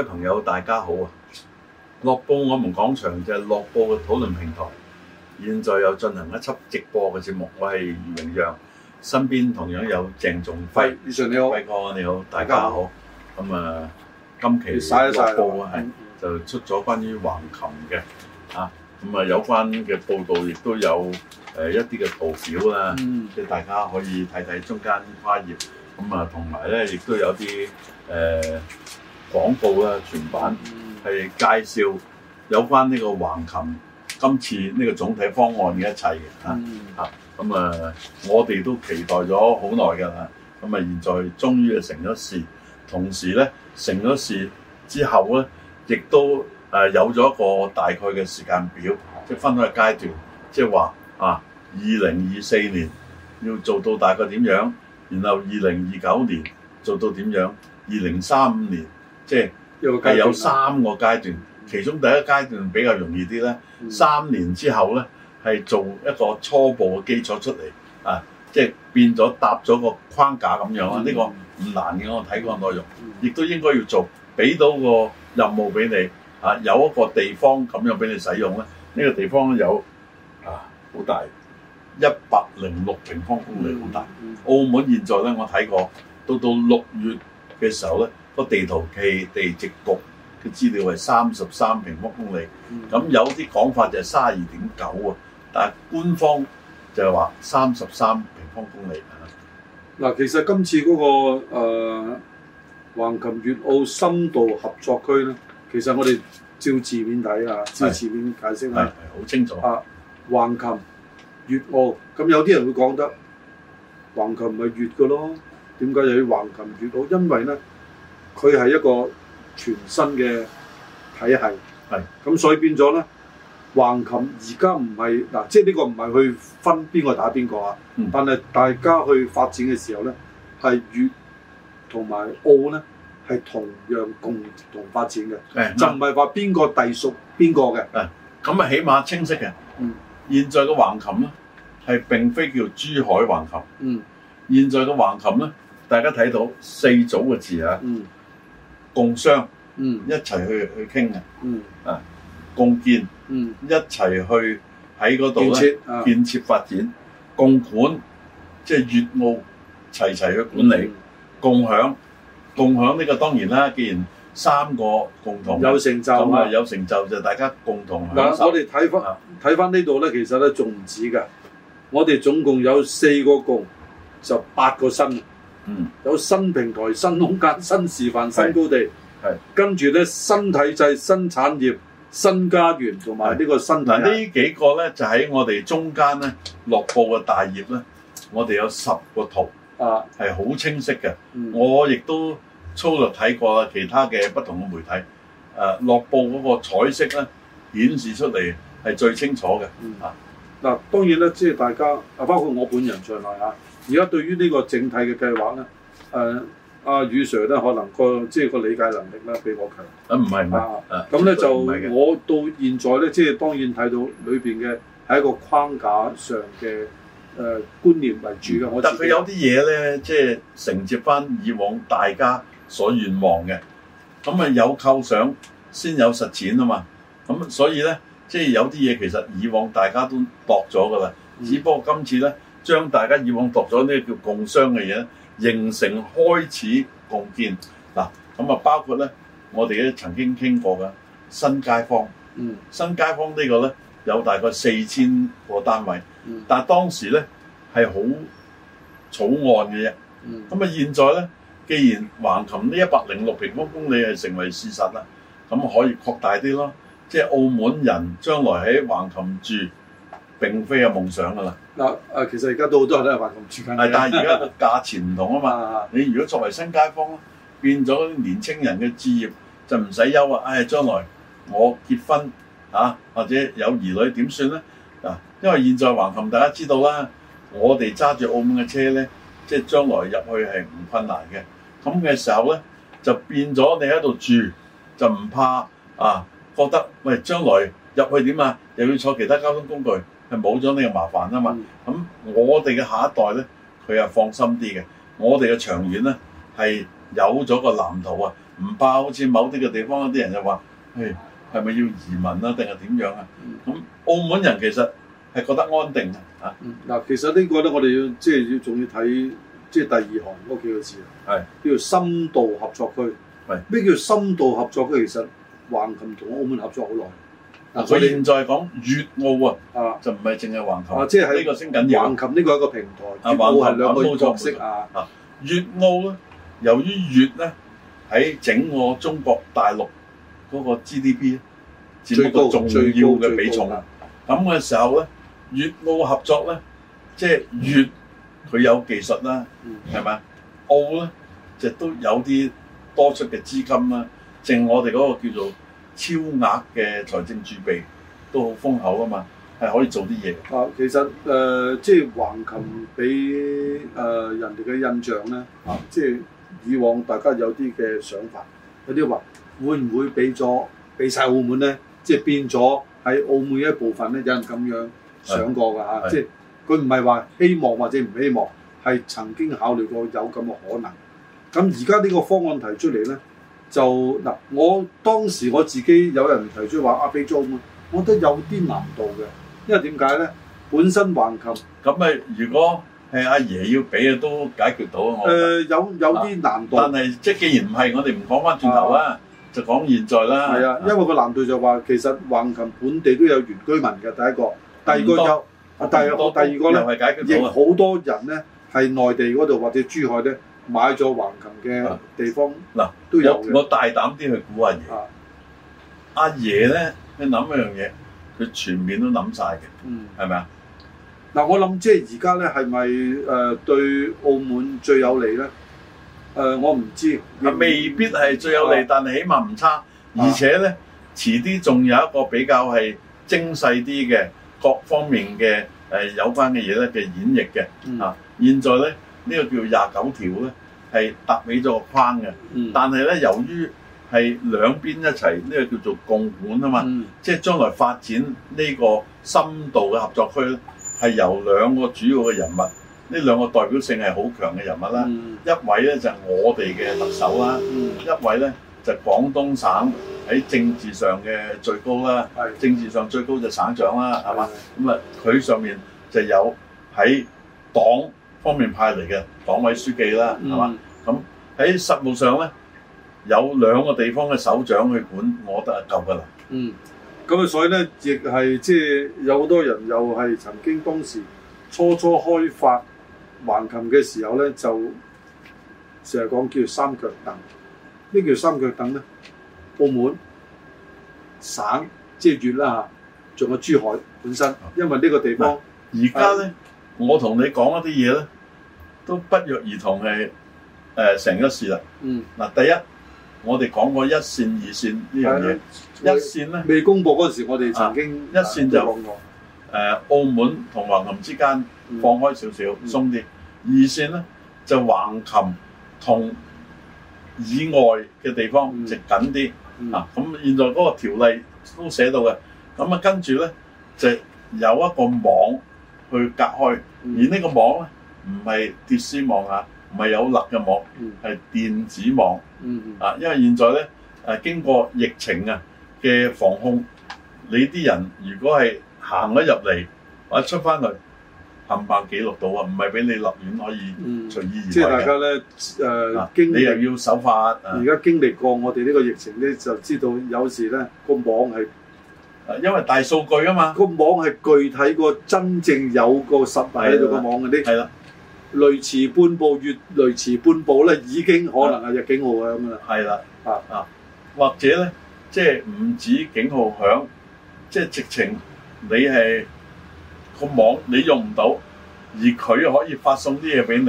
各位朋友，大家好啊！樂報我們講場就係樂報嘅討論平台，嗯、現在又進行一輯直播嘅節目。我係余榮陽，身邊同樣有鄭仲輝、宇順你好、輝哥你好，大家好。咁、嗯、啊，今期樂報係就出咗關於橫琴嘅啊，咁、嗯、啊、嗯、有關嘅報道亦都有誒、呃、一啲嘅圖表啦，即、嗯、係大家可以睇睇中間花葉。咁、嗯、啊，同埋咧亦都有啲誒。呃廣告嘅全版係介紹有關呢個橫琴今次呢個總體方案嘅一切嘅咁、嗯、啊、啊！我哋都期待咗好耐㗎啦，咁啊現在終於係成咗事，同時呢，成咗事之後呢，亦都誒有咗一個大概嘅時間表，即係分開階段，即係話啊，二零二四年要做到大概點樣，然後二零二九年做到點樣，二零三五年。即係有三個階段，、這個、段，其中第一階段比較容易啲咧、嗯。三年之後咧，係做一個初步嘅基礎出嚟啊！即係變咗搭咗個框架咁樣啊！呢、嗯這個唔難嘅、嗯，我睇過內容，亦、嗯、都應該要做，俾到個任務俾你嚇、啊，有一個地方咁樣俾你使用咧。呢、這個地方有啊，好大，一百零六平方公里好，好、嗯、大、嗯。澳門現在咧，我睇過，到到六月嘅時候咧。個地圖嘅地籍局嘅資料係三十三平方公里，咁有啲講法就係三十二點九喎，但係官方就係話三十三平方公里啊！嗱，其實今次嗰個誒橫琴粵澳深度合作區咧，其實我哋照字面睇啊，照字面解釋啊，係好清楚啊！橫琴粵澳，咁有啲人會講得橫琴咪粵嘅咯，點解又要橫琴粵澳？因為咧。佢係一個全新嘅體系，係咁所以變咗咧橫琴而家唔係嗱，即係呢個唔係去分邊個打邊個啊、嗯，但係大家去發展嘅時候咧，係粵同埋澳咧係同樣共同發展嘅、哎，就唔係話邊個隸屬邊個嘅，咁、哎、啊起碼清晰嘅、嗯。現在嘅橫琴咧係並非叫珠海橫琴，嗯、現在嘅橫琴咧，大家睇到四組嘅字啊。嗯。共商，嗯，一齊去去傾嘅，嗯，啊，共建，嗯，一齊去喺嗰度建設，建設發展、啊，共管，即係粵澳齊齊去管理，嗯、共享，共享呢個當然啦，既然三個共同，有成就咁啊，有成就就係、大家共同。嗱、嗯，我哋睇翻睇翻呢度咧，其實咧仲唔止㗎，我哋總共有四個共，就八個新。嗯，有新平台、新空間、新示範、新高地，係跟住咧新體制、新產業、新家園同埋呢個新體呢幾個咧就喺我哋中間咧樂報嘅大業咧，我哋有十個圖啊，係好清晰嘅、嗯。我亦都粗略睇過了其他嘅不同嘅媒體，誒、啊、樂報嗰個彩色咧顯示出嚟係最清楚嘅、嗯。啊嗱，當然咧即係大家啊，包括我本人在內啊。而家對於呢個整體嘅計劃咧，誒阿宇 Sir 咧可能個即係個,個理解能力咧比我強。啊唔係唔係，咁咧、啊啊嗯、就我到現在咧，即、就、係、是、當然睇到裏邊嘅係一個框架上嘅誒、呃、觀念為主嘅、嗯。但佢有啲嘢咧，即、就、係、是、承接翻以往大家所願望嘅。咁啊有構想先有實踐啊嘛。咁所以咧，即、就、係、是、有啲嘢其實以往大家都搏咗噶啦，只不過今次咧。將大家以往讀咗呢個叫共商嘅嘢，形成開始共建嗱。咁啊，包括咧，我哋曾經傾過嘅新街坊，嗯，新街坊個呢個咧有大概四千個單位，但係當時咧係好草案嘅啫，咁、嗯、啊，現在咧，既然橫琴呢一百零六平方公里係成為事實啦，咁可以擴大啲咯，即係澳門人將來喺橫琴住。並非有夢想㗎啦！嗱誒，其實而家都好多人都係話咁住緊，但係而家個價錢唔同啊嘛！ 你如果作為新街坊，變咗年青人嘅置業就唔使憂啊！唉、哎，將來我結婚啊，或者有兒女點算咧？嗱、啊，因為現在橫琴大家知道啦，我哋揸住澳門嘅車咧，即係將來入去係唔困難嘅。咁嘅時候咧，就變咗你喺度住就唔怕啊，覺得喂、哎、將來入去點啊？又要坐其他交通工具。係冇咗呢個麻煩啊嘛，咁、嗯、我哋嘅下一代咧，佢又放心啲嘅。我哋嘅長遠咧係、嗯、有咗個藍圖啊，唔怕好似某啲嘅地方啲人就話，誒係咪要移民啊，定係點樣啊？咁澳門人其實係覺得安定啊。嗱、嗯，其實個呢個咧，我哋要即係要仲要睇即係第二行嗰幾個字啊。係，叫做深度合作區。係，咩叫深度合作區？其實橫琴同澳門合作好耐。嗱，佢現在講粵澳啊，就唔係淨係橫琴，啊即係喺呢個升緊嘢。橫琴呢個係一個平台，粵澳係兩個角色啊。粵澳咧，由於粵咧喺整個中國大陸嗰個 GDP 咧，佔一個重要嘅比重啦。咁嘅時候咧，粵澳合作咧，即係粵佢有技術啦，係咪？澳咧就都有啲多出嘅資金啦，淨我哋嗰個叫做。超額嘅財政儲備都好豐厚啊嘛，係可以做啲嘢。啊，其實誒，即係橫琴俾誒人哋嘅印象咧，啊，即係以往大家有啲嘅想法，有啲話會唔會俾咗俾曬澳門咧？即係變咗喺澳門一部分咧，有人咁樣想過㗎嚇。即係佢唔係話希望或者唔希望，係曾經考慮過有咁嘅可能。咁而家呢個方案提出嚟咧？就嗱，我當時我自己有人提出話阿飛租嘛，我覺得有啲難度嘅，因為點解咧？本身橫琴咁咪、嗯，如果係阿爺要俾啊，都解決到啊。誒、呃，有有啲難度。啊、但係即係既然唔係，我哋唔講翻轉頭啦、啊，就講現在啦。係啊，啊，因為個難度就話其實橫琴本地都有原居民嘅，第一個，第二個有，第二個第二個咧，係解決，亦好多人咧係內地嗰度或者珠海咧。買咗橫琴嘅地方，嗱、啊，都有我。我大膽啲去估阿爺。啊、阿爺咧，你諗一樣嘢，佢全面都諗晒嘅，係、嗯、咪啊？嗱，我諗即係而家咧，係咪誒對澳門最有利咧？誒、呃，我唔知道不、啊，未必係最有利，啊、但係起碼唔差，而且咧、啊，遲啲仲有一個比較係精細啲嘅各方面嘅誒、呃、有關嘅嘢咧嘅演繹嘅、嗯、啊，現在咧。呢、這個叫廿九條咧，係搭起咗個框嘅、嗯。但係咧，由於係兩邊一齊，呢、這個叫做共管啊嘛、嗯。即係將來發展呢個深度嘅合作區咧，係由兩個主要嘅人物，呢兩個代表性係好強嘅人物啦、嗯。一位咧就係、我哋嘅特首啦、嗯，一位咧就廣、是、東省喺政治上嘅最高啦。政治上最高就省長啦，係嘛？咁啊，佢上面就有喺黨。方面派嚟嘅黨委書記啦，係、嗯、嘛？咁喺實務上咧，有兩個地方嘅首長去管，我覺得係夠噶啦。嗯，咁啊，所以咧，亦係即係有好多人又係曾經當時初初開發橫琴嘅時候咧，就成日講叫三腳凳。咩叫三腳凳咧？澳門、省即係粵啦嚇，仲、就是、有珠海本身，因為呢個地方而家咧。我同你講一啲嘢咧，都不約而同係誒成一事啦。嗯，嗱第一，我哋講過一線、二線呢樣嘢。一線咧，未公佈嗰陣時，我哋曾經一線就誒澳門同橫琴之間放開少少，鬆啲。二線咧就橫琴同以外嘅地方直緊啲。嗱咁現在嗰個條例都寫到嘅。咁啊跟住咧就有一個網去隔開，而呢個網咧唔係鐵絲網啊，唔係有肋嘅網，係電子網啊！因為現在咧誒經過疫情啊嘅防控，你啲人如果係行咗入嚟或者出翻去，冚唪唥記錄到啊，唔係俾你立院可以隨意而為。即係大家咧誒，你又要守法。而家經歷過我哋呢個疫情咧，就知道有時咧個網係。因為大數據啊嘛，個網係具體過真正有個實體喺度個網嗰啲，係啦，雷池半步，越雷池半步咧，已經可能係入警號嘅咁啦。係啦，啊啊，或者咧，即係唔止警號響，即係直情你係個網你用唔到，而佢可以發送啲嘢俾你，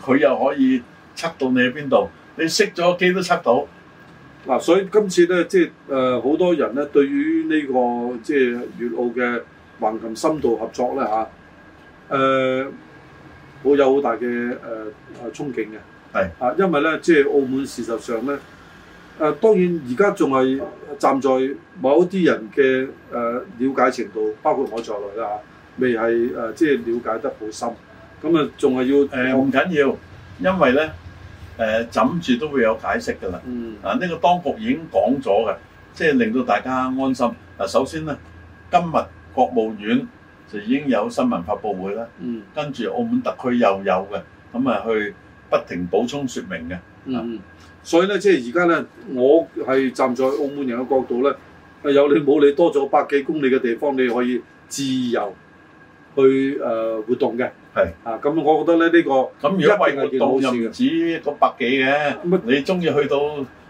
佢、嗯、又可以測到你喺邊度，你熄咗機都測到。嗱，所以今次咧，即係誒好多人咧，對於呢個即係粵澳嘅橫琴深度合作咧吓，誒，好有好大嘅誒誒憧憬嘅。係。啊，因為咧，即係澳門事實上咧，誒當然而家仲係站在某一啲人嘅誒瞭解程度，包括我在內啦，未係誒即係了解得好深、呃。咁啊，仲係要誒唔緊要，因為咧。呃枕住都會有解釋㗎啦、嗯，啊呢個當局已經講咗嘅，即係令到大家安心、啊。首先呢，今日國務院就已經有新聞發佈會啦、嗯，跟住澳門特區又有嘅，咁啊去不停補充說明嘅。嗯，啊、所以咧即係而家呢，我係站在澳門人嘅角度呢，有你冇你多咗百幾公里嘅地方，你可以自由。去誒、呃、活動嘅，係啊，咁我覺得咧呢、呢個一定係幾好事嘅，因為活動又唔止嗰百幾嘅，你中意去到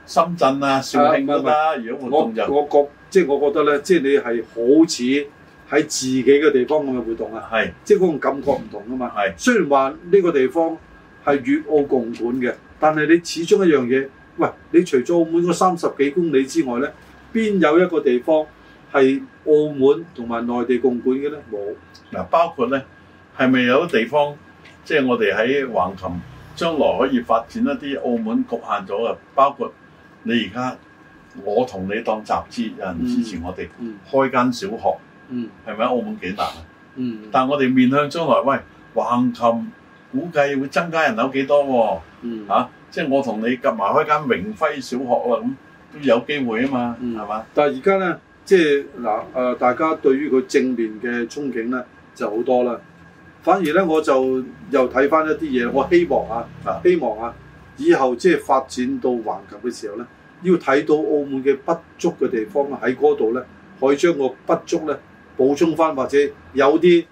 深圳啊、肇慶啦，如果活我覺即係我覺得咧，即係你係好似喺自己嘅地方咁嘅活動啊，係即係嗰種感覺唔同啊嘛，係雖然話呢個地方係粵澳共管嘅，但係你始終一樣嘢，喂，你除咗澳門嗰三十幾公里之外咧，邊有一個地方？係澳門同埋內地共管嘅咧，冇嗱，包括咧係咪有啲地方，即、就、係、是、我哋喺橫琴將來可以發展一啲澳門局限咗嘅，包括你而家我同你當集資有人支持我哋、嗯嗯、開間小學，係咪喺澳門幾難、嗯？但係我哋面向將來，喂橫琴估計會增加人口幾多喎、啊嗯啊？即係我同你夾埋開間榮輝小學啊，咁都有機會啊嘛，係、嗯、嘛？但係而家咧。即係嗱，誒大家對於佢正面嘅憧憬咧就好多啦。反而咧，我就又睇翻一啲嘢，我希望啊，啊，希望啊，以後即係發展到橫琴嘅時候咧，要睇到澳門嘅不足嘅地方喺嗰度咧，可以將個不足咧補充翻，或者有啲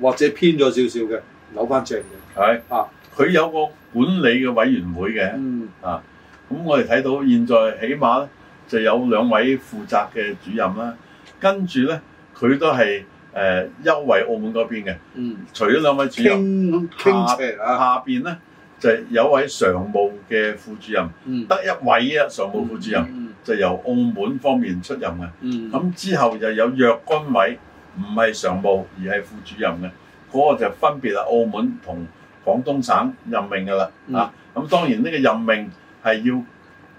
或者偏咗少少嘅扭翻正嘅。係啊，佢有個管理嘅委員會嘅。嗯。啊，咁我哋睇到現在起碼咧就有兩位負責嘅主任啦，跟住呢，佢都係誒優惠澳門嗰邊嘅。嗯，除咗兩位主任，傾傾下下邊呢就有位常務嘅副主任，嗯，得一位啊常務副主任，嗯、就由澳門方面出任嘅。咁、嗯、之後就有若干位，唔係常務而係副主任嘅，嗰、嗰個就分別係澳門同廣東省任命㗎啦，嗯。啊，咁當然呢個任命係要誒、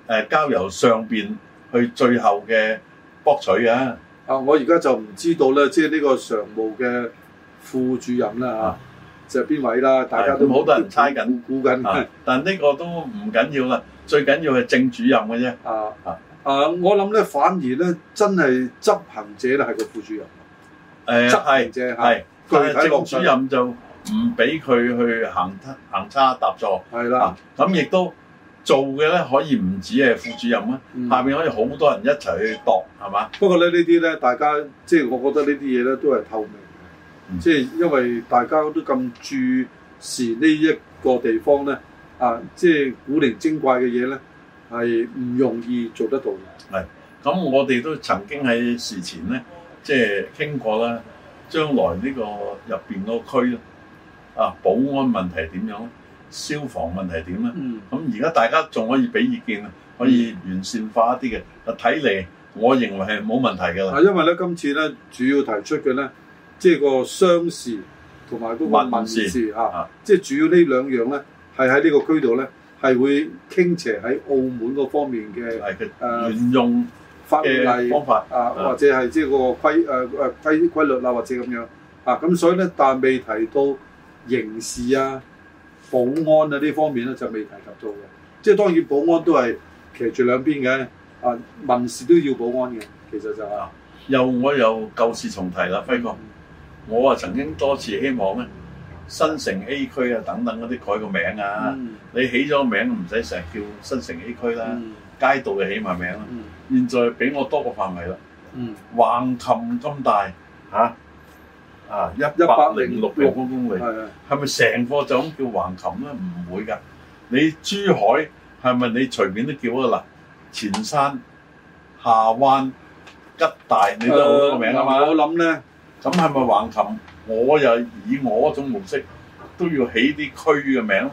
呃、交由上邊。去最後嘅博取嘅啊，啊！我而家就唔知道咧，即係呢個常務嘅副主任啦、啊、嚇、啊，就邊、是、位啦、啊？大家都好多人猜緊估估緊，但呢個都唔緊要啦，最緊要係正主任嘅、啊、啫。啊啊，啊！我諗咧，反而咧真係執行者咧係個副主任，啊、執行啫嚇、啊。但係正主任就唔俾佢去行差行差踏錯。係啦，咁、啊、亦都。做嘅咧可以唔止係副主任啊、嗯，下面可以好多人一齊去度，係嘛？不過咧呢啲咧，大家即係、就是、我覺得呢啲嘢咧都係透明嘅，即、嗯、係、就是、因為大家都咁注視呢一個地方咧，啊，即、就、係、是、古靈精怪嘅嘢咧，係唔容易做得到嘅。係，咁我哋都曾經喺事前咧，即係傾過啦，將來、這個、面呢個入邊個區啊，保安問題點樣？消防問題點咧？咁而家大家仲可以俾意見啊、嗯，可以完善化一啲嘅。啊，睇嚟我認為係冇問題㗎啦。因為咧，今次咧主要提出嘅咧，即、就、係、是、個商事同埋嗰個民事嚇，即係、啊啊就是、主要呢兩樣咧係喺呢個區度咧係會傾斜喺澳門嗰方面嘅誒沿用嘅方法啊，啊，或者係即係個規誒誒、啊、規規律啊，或者咁樣啊。咁所以咧，但未提到刑事啊。保安啊呢方面咧就未提及到嘅，即係當然保安都係騎住兩邊嘅，啊民事都要保安嘅，其實就啊、是、又我又舊事重提啦，輝哥，嗯、我啊曾經多次希望咧，新城 A 區啊等等嗰啲改個名啊、嗯，你起咗名唔使成日叫新城 A 區啦、嗯，街道嘅起埋名啦、嗯，現在俾我多個範圍啦，橫琴咁大吓。啊啊，一百零六平方公里，係咪成個就咁叫橫琴咧？唔會㗎，你珠海係咪你隨便都叫啊？嗱，前山、下灣、吉大，你都好多名㗎嘛、呃。我諗咧，咁係咪橫琴？我又以我嗰種模式，都要起啲區嘅名。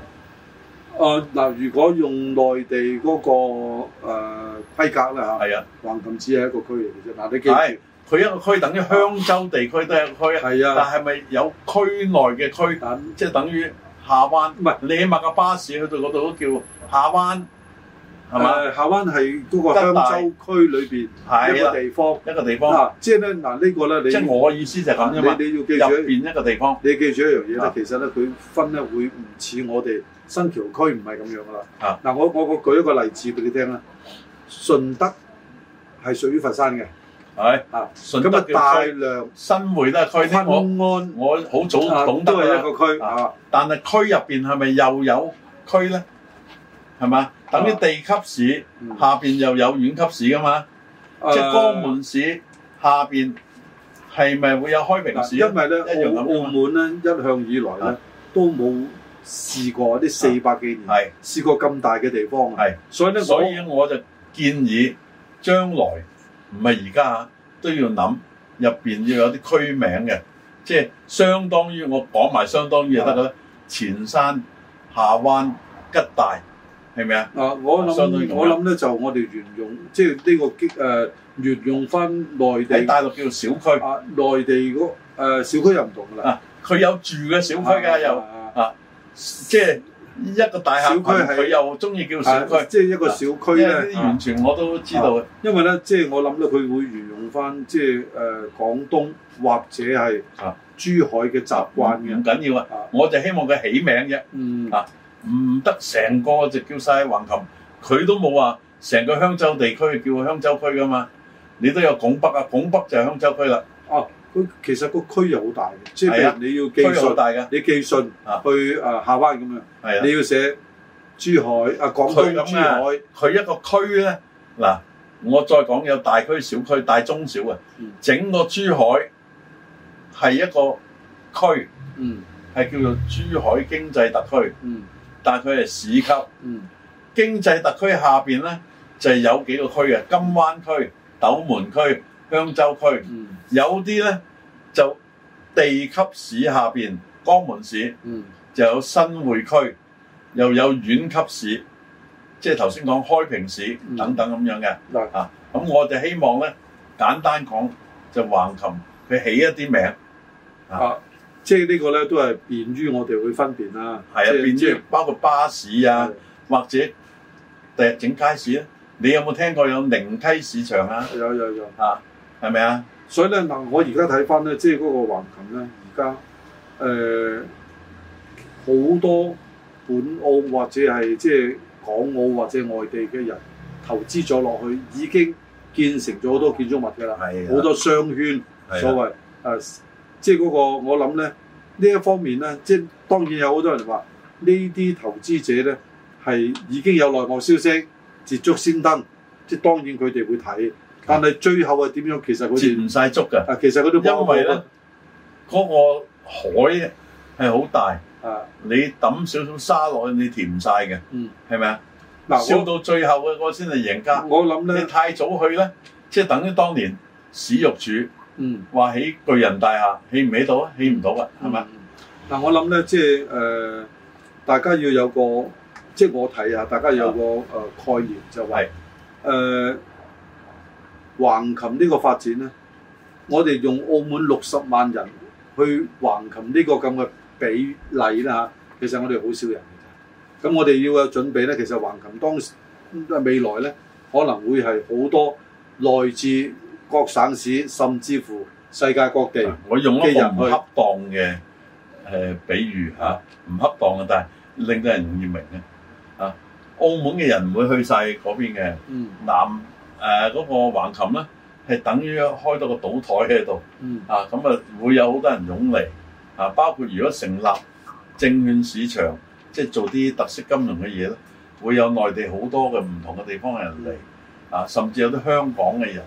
誒、呃、嗱，如果用內地嗰、那個誒、呃、規格啦嚇，係啊，橫琴只係一個區嚟嘅啫，嗱，你記佢一個區等於香洲地區都係一個區、啊，但係咪有區內嘅區？即係等於下灣。唔係，你起碼個巴士去到嗰度都叫下灣，係咪、啊？下灣係嗰個香洲區裏邊一個地方、啊，一個地方。啊、即係咧嗱，這個、呢個咧，你即係我嘅意思就係咁。你你要記住，入邊一個地方。你要記住一樣嘢咧，其實咧佢分咧會唔似我哋新橋區唔係咁樣噶啦。嗱、啊，我我我舉一個例子俾你聽啦。順德係屬於佛山嘅。.係，順德咁啊！大良新會啦，區啲，公安我好早懂得啦。都係一個區。啊，但係區入邊係咪又有區咧？係嘛？等於地級市、嗯、下邊又有縣級市噶嘛？呃、即係江門市下邊係咪會有開平市？因為咧，一樣澳，澳門咧一向以來咧都冇試過啲四百幾年，試過咁大嘅地方。係，所以咧，所以我就建議將來。唔係而家都要諗入面要有啲區名嘅，即係相當於我講埋相當於得啦。前山、夏灣、吉大，係咪啊？啊，我諗我諗咧就我哋沿用，即係呢個激沿、呃、用翻內地大陸叫做小區，內、啊、地嗰誒、呃、小區又唔同㗎啦。佢、啊、有住嘅小區㗎又啊，即係。一個大廈，佢又中意叫小區，即、啊、係、就是、一個小區咧、啊嗯，完全我都知道、啊。因為咧，即、就、係、是、我諗到佢會沿用翻，即係誒廣東或者係啊珠海嘅習慣唔緊要啊，我就希望佢起名啫、嗯。啊，唔得成個就叫晒橫琴，佢都冇話成個香洲地區叫香洲區噶嘛。你都有拱北啊，拱北就係香洲區啦。哦、啊。其實個區又好大嘅，即係譬如你要寄信，大你寄信、啊、去誒下灣咁樣，你要寫珠海啊廣東珠海，佢、啊、一個區咧嗱，我再講有大區、小區、大中小嘅、嗯，整個珠海係一個區，係、嗯、叫做珠海經濟特區、嗯，但係佢係市級、嗯、經濟特區下面咧就有幾個區嘅金灣區、嗯、斗門區。香洲區有啲咧就地級市下邊，江門市、嗯、就有新會區，又有縣級市，即係頭先講開平市、嗯、等等咁樣嘅。嗱、嗯，咁、啊、我哋希望咧簡單講就橫琴，佢起一啲名啊，啊，即係呢個咧都係便於我哋去分辨啦。係啊，是是便於包括巴士啊，或者第日整街市咧，你有冇聽過有寧溪市場啊？有有有嚇！啊係咪啊？所以咧，嗱，我而家睇翻咧，即係嗰個橫琴咧，而家誒好多本澳或者係即係港澳或者外地嘅人投資咗落去，已經建成咗好多建築物嘅啦，好多商圈所謂誒，即係嗰個我諗咧呢一方面咧，即係當然有好多人話呢啲投資者咧係已經有內幕消息捷足先登，即係當然佢哋會睇。但係最後係點樣？其實填唔晒足嘅。啊，其實嗰啲呢因為咧，嗰個海係好大。啊，你抌少少沙落，你填唔晒嘅。嗯，係咪啊？嗱，笑到最後嘅個先係贏家。我諗咧，你太早去咧，即係等於當年史玉柱，嗯，話起巨人大廈，起唔起到啊？起唔到啊？係、嗯、咪？但我諗咧，即係誒、呃，大家要有個，即係我睇下，大家有個誒、啊呃、概念就話誒。是呃橫琴呢個發展咧，我哋用澳門六十萬人去橫琴呢個咁嘅比例啦嚇，其實我哋好少人嘅。咁我哋要有準備咧，其實橫琴當時未來咧，可能會係好多來自各省市，甚至乎世界各地嘅人去。我用一個唔恰當嘅誒比喻嚇，唔恰當嘅，但係令到人容易明嘅嚇。澳門嘅人唔會去晒嗰邊嘅，嗯，南。誒嗰個橫琴咧，係等於開咗個賭台喺度，啊咁啊會有好多人湧嚟，啊包括如果成立證券市場，即係做啲特色金融嘅嘢咧，會有內地好多嘅唔同嘅地方嘅人嚟，嗯，啊甚至有啲香港嘅人，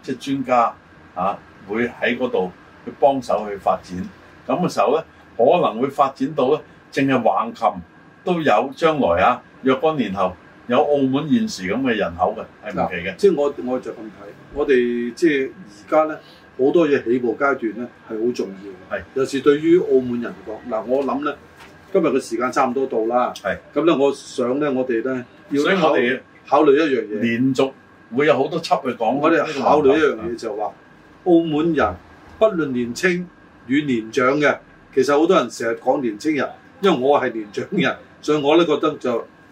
即係專家，啊會喺嗰度去幫手去發展，咁嘅時候咧可能會發展到咧，淨係橫琴都有將來啊，若干年後。有澳門現時咁嘅人口嘅係唔奇嘅，即係我我就咁睇，我哋即係而家咧好多嘢起步階段咧係好重要嘅。係，尤其是對於澳門人嚟講，嗱我諗咧今日嘅時間差唔多到啦。係，咁咧我想咧我哋咧要我哋考慮一樣嘢，連續會有好多輯去講。我哋考慮一樣嘢就話澳門人，不論年青與年長嘅，其實好多人成日講年青人，因為我係年長人，所以我咧覺得就。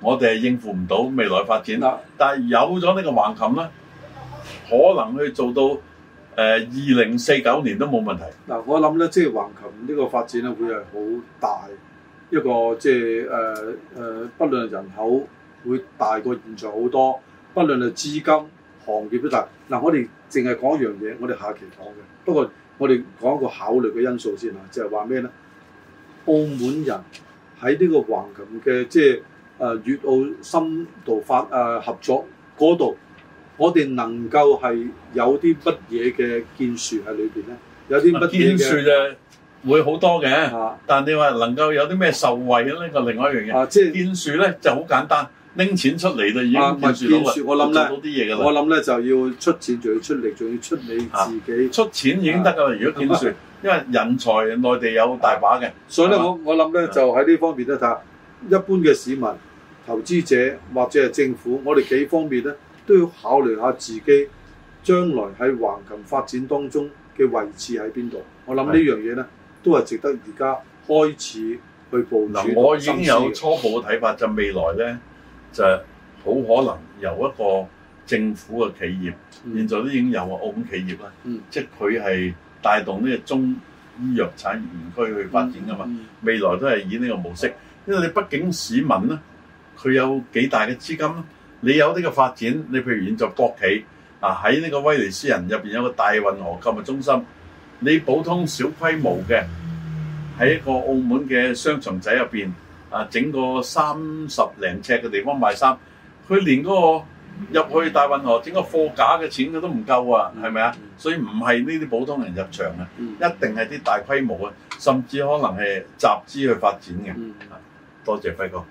我哋係應付唔到未來發展啦、啊，但係有咗呢個橫琴咧，可能去做到誒二零四九年都冇問題。嗱、啊，我諗咧，即係橫琴呢個發展咧，會係好大一個即係誒誒，不論人口會大過現在好多，不論係資金行業都大。嗱、啊，我哋淨係講一樣嘢，我哋下期講嘅。不過我哋講一個考慮嘅因素先啊，就係話咩咧？澳門人喺呢個橫琴嘅即係。就是誒、呃、粵澳深度發誒合作嗰度，那裡我哋能夠係有啲乜嘢嘅建樹喺裏邊咧？有啲乜嘢嘅建樹會好多嘅。嚇、啊！但係你話能夠有啲咩受惠咧，就另外一樣嘢。嚇、啊！即係建樹咧就好、是、簡單，拎錢出嚟就已經建樹攞。建樹我諗咧，我諗咧就要出錢，仲要出力，仲要出你自己、啊。出錢已經得㗎啦！如果建樹、啊，因為人才內地有大把嘅，所以咧我我諗咧就喺呢方面咧睇、啊，一般嘅市民。投資者或者係政府，我哋幾方面咧都要考慮下自己將來喺橫琴發展當中嘅位置喺邊度。我諗呢樣嘢咧都係值得而家開始去部署。我已經有初步嘅睇法，嗯、就未來咧就係好可能由一個政府嘅企業、嗯，現在都已經有啊澳門企業啦、嗯，即係佢係帶動呢個中醫藥產業園區去發展噶嘛。未來都係以呢個模式、嗯，因為你畢竟市民咧。佢有幾大嘅資金？你有呢個發展？你譬如現在國企啊，喺呢個威尼斯人入邊有個大運河購物中心。你普通小規模嘅喺一個澳門嘅商場仔入邊啊，整個三十零尺嘅地方賣衫，佢連嗰個入去大運河整個貨架嘅錢佢都唔夠啊，係咪啊？所以唔係呢啲普通人入場啊，一定係啲大規模啊，甚至可能係集資去發展嘅。多謝輝哥。